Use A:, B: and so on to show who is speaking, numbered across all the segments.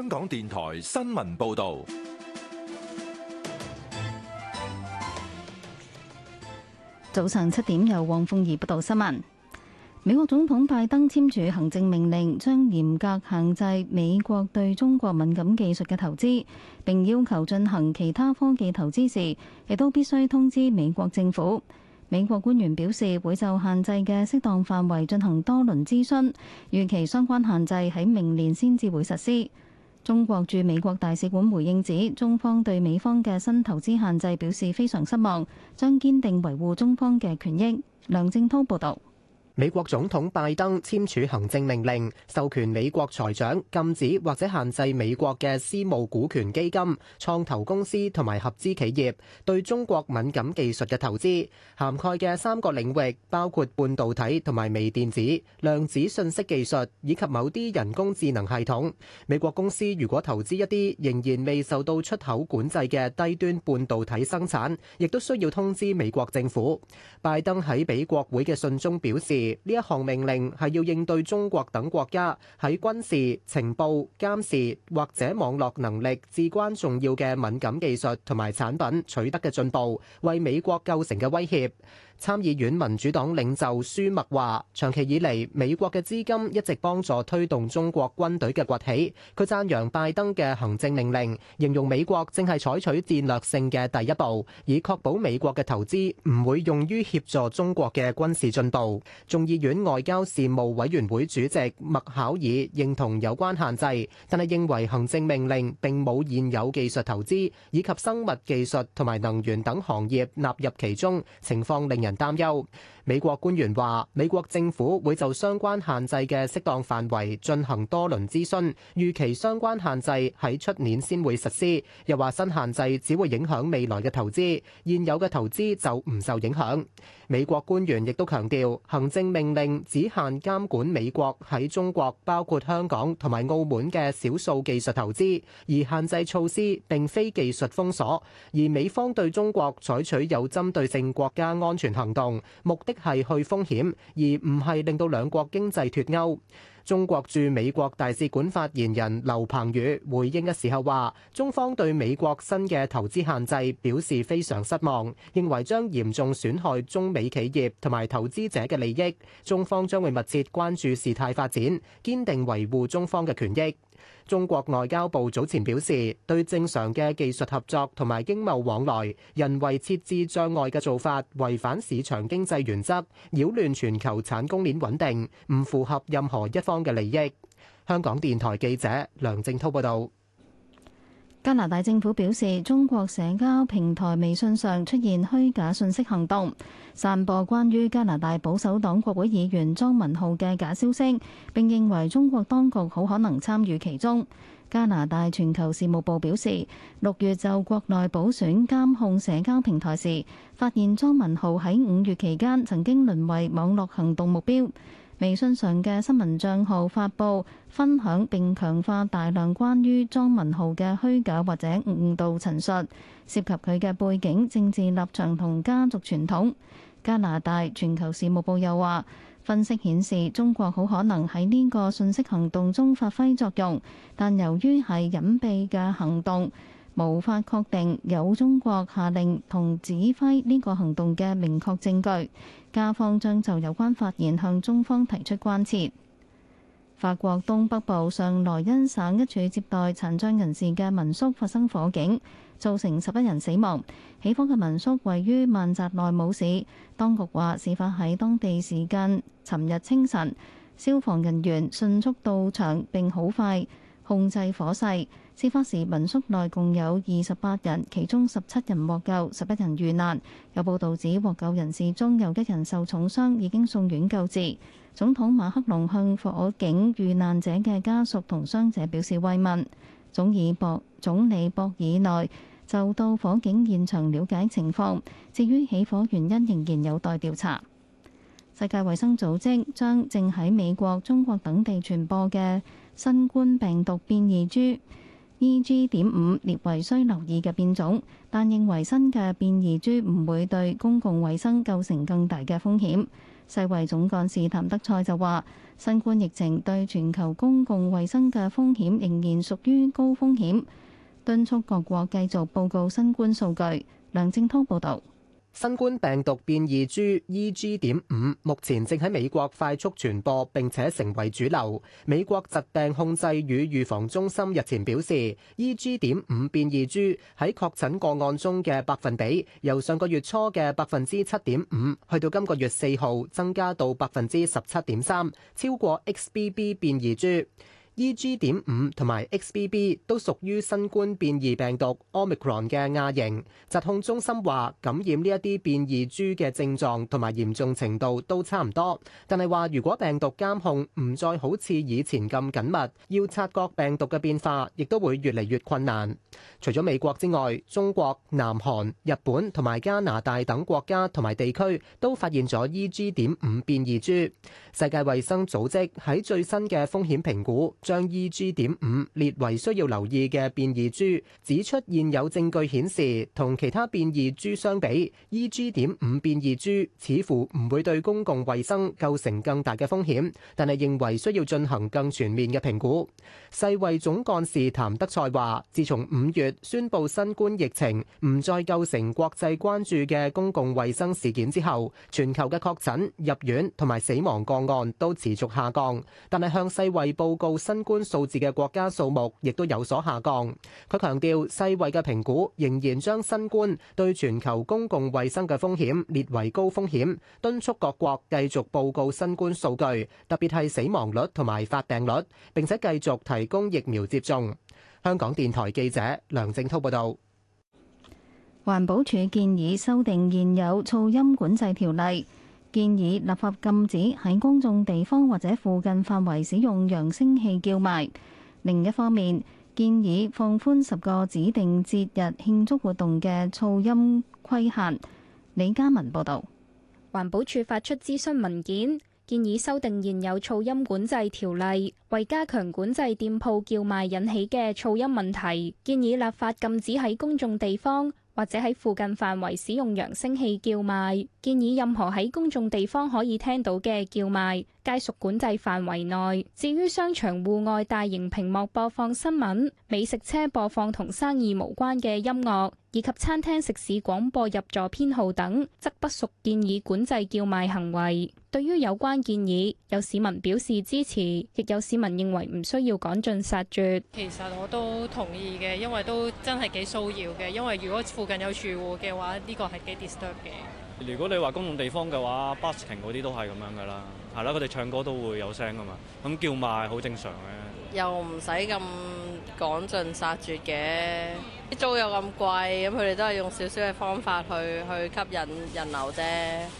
A: 香港電台新聞報道，
B: 早上七點由汪鳳儀報道新聞。美國總統拜登簽署行政命令，將嚴格限制美國對中國敏感技術嘅投資，並要求進行其他科技投資時，亦都必須通知美國政府。美國官員表示，會就限制嘅適當範圍進行多輪諮詢，預期相關限制喺明年先至會實施。中國駐美國大使館回應指，中方對美方嘅新投資限制表示非常失望，
A: 將堅定維護
B: 中方嘅權益。梁正濤報道。
A: 美國總統拜登簽署行政命令，授權美國財長禁止或者限制美國嘅私募股權基金、創投公司同埋合資企業對中國敏感技術嘅投資，涵蓋嘅三個領域包括半導體同埋微電子、量子信息技術以及某啲人工智能系統。美國公司如果投資一啲仍然未受到出口管制嘅低端半導體生產，亦都需要通知美國政府。拜登喺俾國會嘅信中表示。呢一行命令係要應對中國等國家喺軍事、情報、監視或者網絡能力至關重要嘅敏感技術同埋產品取得嘅進步，為美國構成嘅威脅。參議院民主黨領袖舒默話，長期以嚟美國嘅資金一直幫助推動中國軍隊嘅崛起。佢讚揚拜登嘅行政命令，形容美國正係採取戰略性嘅第一步，以確保美國嘅投資唔會用於協助中國嘅軍事進步。眾議院外交事務委員會主席麥考爾認同有關限制，但係認為行政命令並冇現有技術投資以及生物技術同埋能源等行業納入其中，情況令人擔憂。美國官員話美國政府會就相關限制嘅適當範圍進行多輪諮詢，預期相關限制喺出年先會實施。又話新限制只會影響未來嘅投資，現有嘅投資就唔受影響。美國官員亦都強調，行政命令只限監管美國喺中國包括香港同埋澳門嘅少數技術投資，而限制措施並非技術封鎖，而美方對中國採取有針對性國家安全。行動目的係去風險，而唔係令到兩國經濟脫鉤。中國駐美國大使館發言人劉鵬宇回應嘅時候話，中方對美國新嘅投資限制表示非常失望，認為將嚴重損害中美企業同埋投資者嘅利益。中方將會密切關注事態發展，堅定維護中方嘅權益。中國外交部早前表示，對正常嘅技術合作同埋經貿往來，人為設置障礙嘅做法，違反市場經濟原則，擾亂全球產供鏈穩定，唔符合任何一方嘅利益。香港電台記者梁正濤報道，
B: 加拿大政府表示，中國社交平台微信上出現虛假信息行動，散播關於加拿大保守黨國會議員莊文浩嘅假消息，並認為中國當局好可能參與其中。加拿大全球事務部表示，六月就國內補選監控社交平台時，發現莊文浩喺五月期間曾經淪為網絡行動目標。微信上嘅新聞賬號發布、分享並強化大量關於莊文浩嘅虛假或者誤導陳述，涉及佢嘅背景、政治立場同家族傳統。加拿大全球事務部又話，分析顯示中國好可能喺呢個信息行動中發揮作用，但由於係隱蔽嘅行動，無法確定有中國下令同指揮呢個行動嘅明確證據，加方將就有關發言向中方提出關切。法國東北部上萊茵省一處接待殘障人士嘅民宿發生火警，造成十一人死亡。起火嘅民宿位於曼澤內姆市，當局話事發喺當地時間尋日清晨，消防人員迅速到場並好快控制火勢。事發時民宿內共有二十八人，其中十七人獲救，十一人遇難。有報導指獲救人士中有一人受重傷，已經送院救治。總統馬克龍向火警遇難者嘅家屬同傷者表示慰問。總理博總理博爾內就到火警現場了解情況。至於起火原因仍然有待調查。世界衛生組織將正喺美國、中國等地傳播嘅新冠病毒變異株 EG.5 列為需留意嘅變種，但認為新嘅變異株唔會對公共衛生構成更大嘅風險。世衛總幹事譚德塞就話，新冠疫情對全球公共衛生嘅風險仍然屬於高風險，敦促各國繼續報告新冠數據。梁正濤報道。
A: 新冠病毒變異株 EG. 點五，目前正喺美國快速傳播，並且成為主流。美國疾病控制與預防中心日前表示，EG. 點五變異株喺確診個案中嘅百分比，由上個月初嘅百分之七點五，去到今個月四號增加到百分之十七點三，超過 XBB 變異株。E.G. 點五同埋 X.B.B. 都屬於新冠變異病毒 Omicron 嘅亞型。疾控中心話，感染呢一啲變異株嘅症狀同埋嚴重程度都差唔多，但係話如果病毒監控唔再好似以前咁緊密，要察覺病毒嘅變化，亦都會越嚟越困難。除咗美國之外，中國、南韓、日本同埋加拿大等國家同埋地區都發現咗 E.G. 點五變異株。世界衛生組織喺最新嘅風險評估，將 E.G. 點五列為需要留意嘅變異株，指出現有證據顯示同其他變異株相比，E.G. 點五變異株似乎唔會對公共衛生構成更大嘅風險，但係認為需要進行更全面嘅評估。世衞總幹事譚德塞話，自從五月宣布新冠疫情唔再構成國際關注嘅公共衛生事件之後，全球嘅確診、入院同埋死亡個案都持續下降，但係向世衞報告。新冠數字嘅國家數目亦都有所下降。佢強調，世衛嘅評估仍然將新冠對全球公共衛生嘅風險列為高風險，敦促各國繼續報告新冠數據，特別係死亡率同埋發病率，並且繼續提供疫苗接種。香港電台記者梁正滔報道。
B: 環保署建議修訂現有噪音管制條例。建議立法禁止喺公眾地方或者附近範圍使用揚聲器叫賣。另一方面，建議放寬十個指定節日慶祝活動嘅噪音規限。李嘉文報道，
C: 環保署發出諮詢文件，建議修訂現有噪音管制條例，為加強管制店鋪叫賣引起嘅噪音問題，建議立法禁止喺公眾地方。或者喺附近範圍使用揚聲器叫賣，建議任何喺公眾地方可以聽到嘅叫賣，皆屬管制範圍內。至於商場戶外大型屏幕播放新聞、美食車播放同生意無關嘅音樂，以及餐廳食肆廣播入座編號等，則不屬建議管制叫賣行為。對於有關建議，有市民表示支持，亦有市民認為唔需要趕盡殺絕。其實我都同意嘅，因為都真係幾騷擾嘅。因為如果附近有住戶嘅話，呢個係幾 disturb 嘅。
A: 如果你話公共地方嘅話，busking 嗰啲都係咁樣噶啦，係啦，佢哋唱歌都會有聲噶嘛，咁叫賣好正常嘅。
B: 又唔使咁趕盡殺絕嘅，啲租又咁貴，咁佢哋都係用少少嘅方法去去吸引人流啫，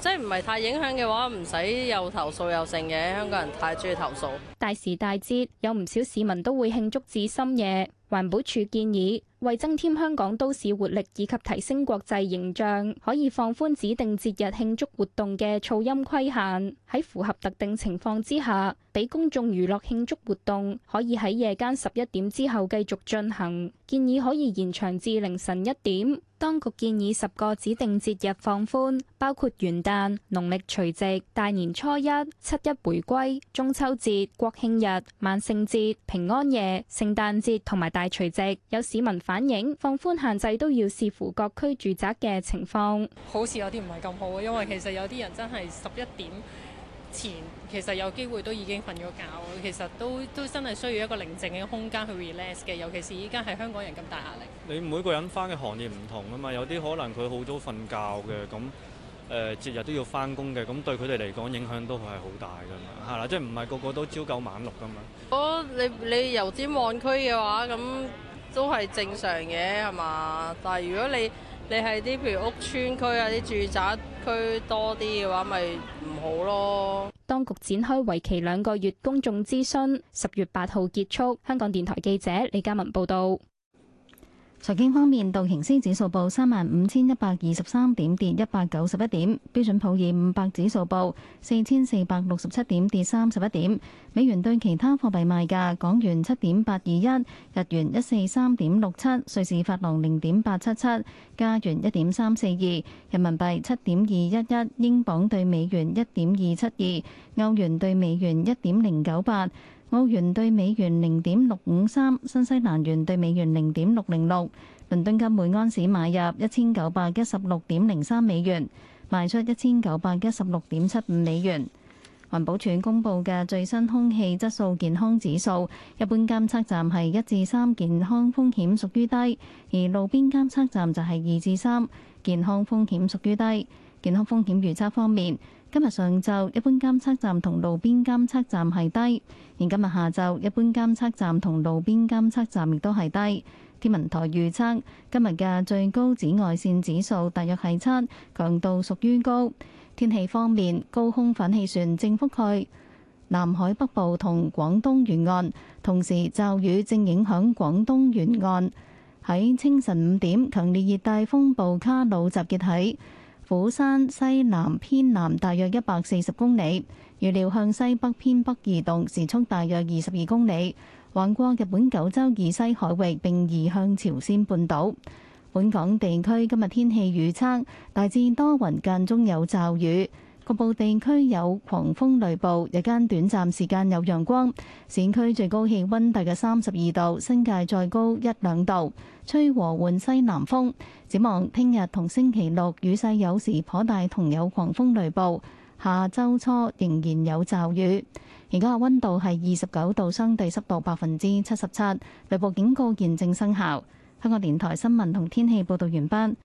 B: 即係唔係太影響嘅話，唔使又投訴又剩嘅。香港人太
A: 鍾意投訴。
C: 大時大節，有唔少市民都會慶祝至深夜。環保署建議，為增添香港都市活力以及提升國際形象，可以放寬指定節日慶祝活動嘅噪音規限。喺符合特定情況之下，俾公眾娛樂慶祝活動可以喺夜間十一點之後繼續進行，建議可以延長至凌晨一點。當局建議十個指定節日放寬，包括元旦、農曆除夕、大年初一、七一回歸、中秋節、國慶日、萬聖節、平安夜、聖誕節同埋大除夕。有市民反映，放寬限制都要視乎各區住宅嘅情況。好似有啲唔係咁好啊，因為其實有啲人真係十一點。前其實有機會都已經瞓咗覺，其實都都真係需要一個寧靜嘅空間去 relax 嘅，尤其是依家係香
A: 港人咁大壓力。你每個人返嘅行業唔同啊嘛，有啲可能佢好早瞓覺嘅，咁誒節日都要返工嘅，咁對佢哋嚟講影響都係好大㗎嘛，係啦，即係唔係個個都朝九晚六㗎嘛。
B: 我你你油尖旺區嘅話，咁都係正常嘅係嘛？但係如果你你係啲譬如屋邨區啊啲住宅。區多啲嘅話，咪唔好囉。
C: 當局展開為期兩個月公眾諮詢，十月八號結束。香港電台記者李嘉文報導。
B: 財經方面，道瓊斯指數報三萬五千一百二十三點，跌一百九十一點；標準普爾五百指數報四千四百六十七點，跌三十一點。美元對其他貨幣賣價：港元七點八二一，日元一四三點六七，瑞士法郎零點八七七，加元一點三四二，人民幣七點二一一，英鎊對美元一點二七二，歐元對美元一點零九八。澳元兌美元零點六五三，新西蘭元兌美元零點六零六，倫敦金每盎司買入一千九百一十六點零三美元，賣出一千九百一十六點七五美元。環保署公布嘅最新空氣質素健康指數，一般監測站係一至三健康風險屬於低，而路邊監測站就係二至三健康風險屬於低。健康風險預測方面。今日上晝一般監測站同路邊監測站係低，而今日下晝一般監測站同路邊監測站亦都係低。天文台預測今日嘅最高紫外線指數大約係七，強度屬於高。天氣方面，高空反氣旋正覆蓋南海北部同廣東沿岸，同時驟雨正影響廣東沿岸。喺清晨五點，強烈熱帶風暴卡努集結喺。釜山西南偏南大約一百四十公里，預料向西北偏北移動，時速大約二十二公里，橫過日本九州以西海域並移向朝鮮半島。本港地區今日天氣預測，大致多雲間中有驟雨。局部地區有狂風雷暴，日間短暫時間有陽光。市區最高氣温大概三十二度，新界再高一兩度，吹和緩西南風。展望聽日同星期六雨勢有時頗大，同有狂風雷暴。下周初仍然有驟雨。而家嘅温度係二十九度，相對濕度百分之七十七，雷暴警告現正生效。香港電台新聞同天氣報道完畢。